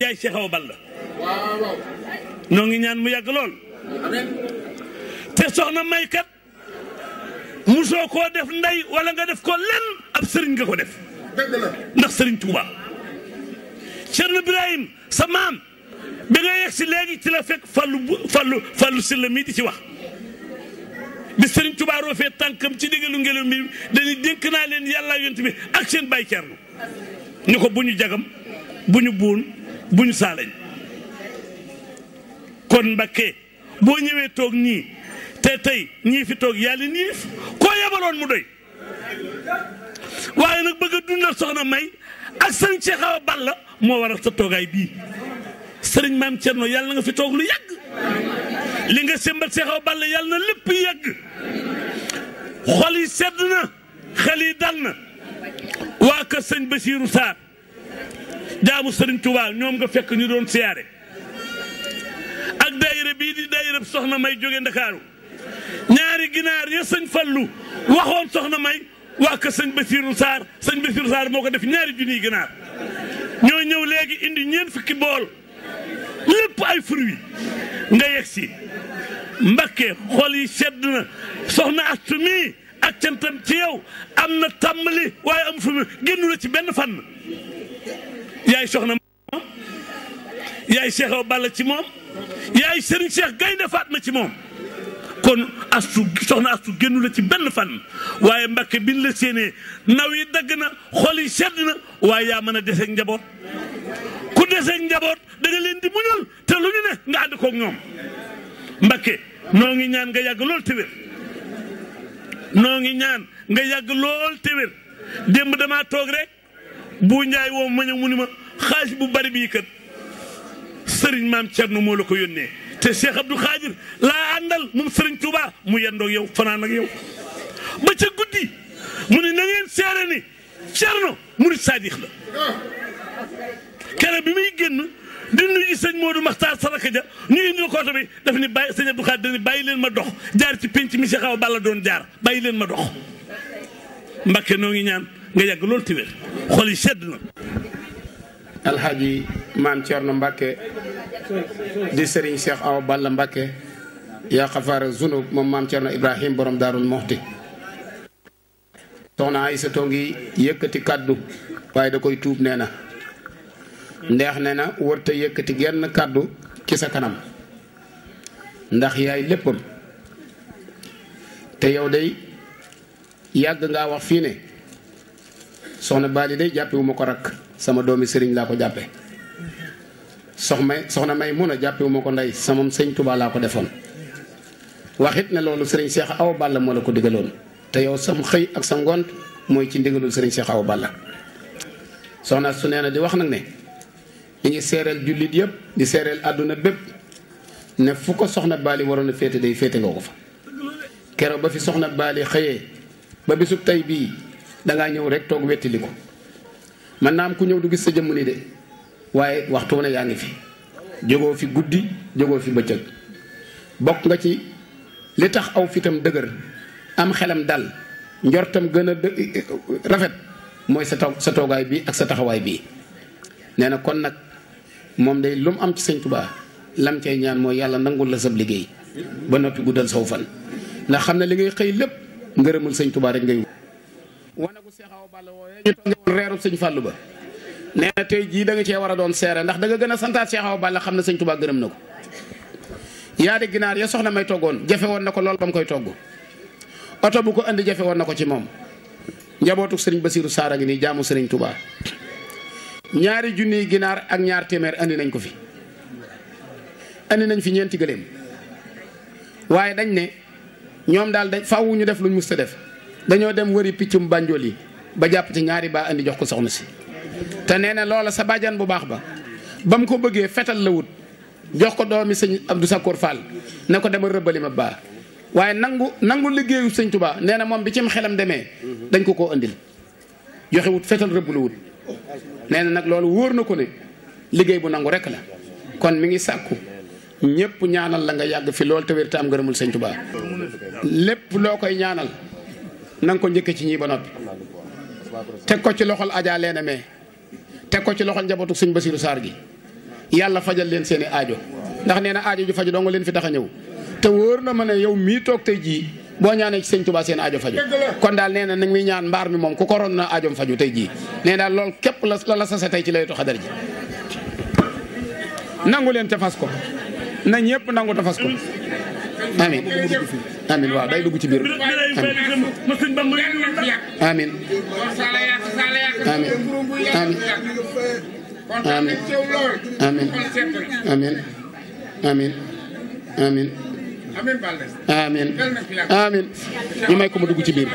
yaay Cheikh Awa Balla noo ngi ñaan mu yàgg lool te soxna may kat musoo koo def nday wala nga def ko lenn ab sëriñ nga ko def ndax sëriñ Touba Cerno Ibrahim sa maam bi nga yegg si léegi ci la fekk fàllu fàllu fàllu si la mii di ci wax bi sëriñ Touba roofee tànkam ci diggalu ngelaw mi dañuy dénk naa leen yàlla yont bi ak seen bàyyi Cerno ñu ko bu ñu jagam bu ñu buun bu ñu saalañ kon Mbakke boo ñëwee toog nii te tey ñii fi toog yàlla nii koo yebaloon mu doy waaye nag bëgg a dundal soxna May ak sëriñ a Awa Balla moo waral sa toogaay bii sëriñ maam Thierno yàlla na nga fi toog lu yàgg li nga sëmbat Cheikh Awa Balla yàlla na lépp yàgg xol yi sedd na xel yi dal na waa kër sëñ Basiirou Sarr. jaamu Serigne Touba ñoom nga fekk ñu doon siyaare ak daayira bii di daayira soxna may joge Ndakaaru ñaari ginaar ya sëñ Fallu waxoon soxna may waa ko sëñ Basiiru Saar sëñ Basiiru Saar moo ko def ñaari junniy ginaar ñoo ñëw léegi indi ñeent fukki bool lépp ay fruits nga yegg si Mbakke xol yi sedd na soxna ak mii ak cantam ci yow am na tàmbali waaye am fu mu génnu la ci benn fànn yaay soxna moom yaay Cheikh Balla ci moom yaay Serigne Cheikh Gaynde Fatma ci moom kon astu soxna astu génnu la ci benn fan waaye Mbàkke biñ la séenee naw yi dagg na xol yi sedd na waaye yaa mën a deseeg njaboot ku deseeg njaboot da nga leen di muñal te lu ñu ne nga ànd koog ñoom Mbàkke noo ngi ñaan nga yàgg lool te wér noo ngi ñaan nga yàgg lool te wér démb damaa toog rek bu ñaay woo ma ñëw mu ni ma xaaj bu bari bii kat sëriñ maam Thierno moo la ko yónnee te Cheikh Abdou Khadir laa àndal moom sëriñ Touba mu yendoo yow fanaan ak yow. ba ca guddi mu ni na ngeen seere ni Thierno murid saadix la keroog bi muy génn di nuyu sëñ Modou Makhtar Saraka ja ñu indil kooto bi daf ni bàyyi sëñ Abdou Khadir ni bàyyi leen ma dox jaar ci penc mi Cheikh Awa Balla doon jaar bàyyi leen ma dox Mbakke noo ngi ñaan. nga yàgg loolu te xol yi sedd na. alxaaji maam Thierno Mbacke di Serigne Cheikh Awa Balla Mbacke yaa xafaara zunub moom maam na Ibrahim borom daarul moxti soxna sa ngi yëkkati kàddu waaye da koy tuub nee na ndeex nee na wërta yëkkati genn kàddu ci sa kanam ndax yaay léppam te yow day yàgg nga wax fii ne soxna Bali day jàppewu ma ko rakk sama doomi sëriñ laa ko jàppe sox may soxna may mun a jàppewu ma ko ndey sama sëñ Tuubaa laa ko defoon waxit ne loolu sëriñ Cheikh Awa Balla moo la ko digaloon te yow sam xëy ak sa ngont mooy ci ndigalul sëriñ Cheikh Awa Balla soxna su nee na di wax nag ne mi ngi seereel jullit yëpp di seereel àdduna bépp ne fu ko soxna Bali waroon a féete day féete nga ko fa keroog ba fi soxna Bali xëyee ba bisub tey dangaa ñëw rek toog wettili ko man naa am ku ñëw du gis sa jëmm ni de waaye waxtu wu ne yaa ngi fi jógoo fi guddi jógoo fi bëccëg bokk nga ci li tax aw fitam dëgër am xelam dal njortam gën a rafet mooy sa taw bii ak sa taxawaay bii nee na kon nag moom day lu mu am ci sëñ Tuubaa lam ñaan mooy yàlla nangul la sab liggéey ba noppi guddal saw fan ndax xam ne li ngay xëy lépp ngërëmul sëñ Tuubaa rek ngay wane Seex Awa Balla woowee ñu toogoon reeru sëñ Fàllu ba nee na tey jii da nga cee war a doon seere ndax danga gën a santaat Seex Awa Balla xam ne sëñ Tuubaa gërëm na ko yaa di ginaar ya soxna may toggoon jafe woon na ko lool ba koy togg oto bu ko andi jafe woon na ko ci moom njabootu sëriñ Basiiru Saar a ngi nii jaamu sëriñ Tuubaa ñaari junniy ginaar ak ñaar téeméer andi nañ ko fi andi nañ fi ñeenti gëléem waaye dañ ne ñoom daal dañ faaw ñu def luñ musta def dañoo dem wëri piccum bànjool yi ba jàpp ci ñaari baa indi jox ko soxna si te nee na loola sa bàjjan bu baax ba ba mu ko bëggee fetal la wut jox ko doomi sëñ Abdou Sakkoor Fall na ko demal rëbbali ma baax waaye nangu nangu liggéeyu sañ Tuubaa nee na moom bi cim xelam demee dañ ko koo andil joxe wut fetal rëbb la wut nee na nag loolu wóor na ko ne liggéey bu nangu rek la kon mi ngi sàkku ñëpp ñaanal la nga yàgg fi loolu te wér te am ngërëmul sëñ Tuubaa lépp loo koy ñaanal na ko njëkk ci ñii ba noppi te ko ci loxol Adja Leena mee teg ko ci loxol njabootu sëñ Basiiru Saar gi yàlla fajal leen seen i aajo ndax nee na aajo ju faju doo nga leen fi tax a ñëw te wóor na mën a yow mii toog tey jii boo ñaanee ci sëñ seen ajo faju kon daal nee na nag muy ñaan mbaar mi moom ku ko ron faju tey jii nee daal loolu képp la la sase tey ci laytu xadar ji nangu leen ca fas ko na ñëpp nangu te fas ko amin amin waaw day dugg ci biir amin amin amin amin amin amin amin amin amin ñu may ko mu dugg ci biir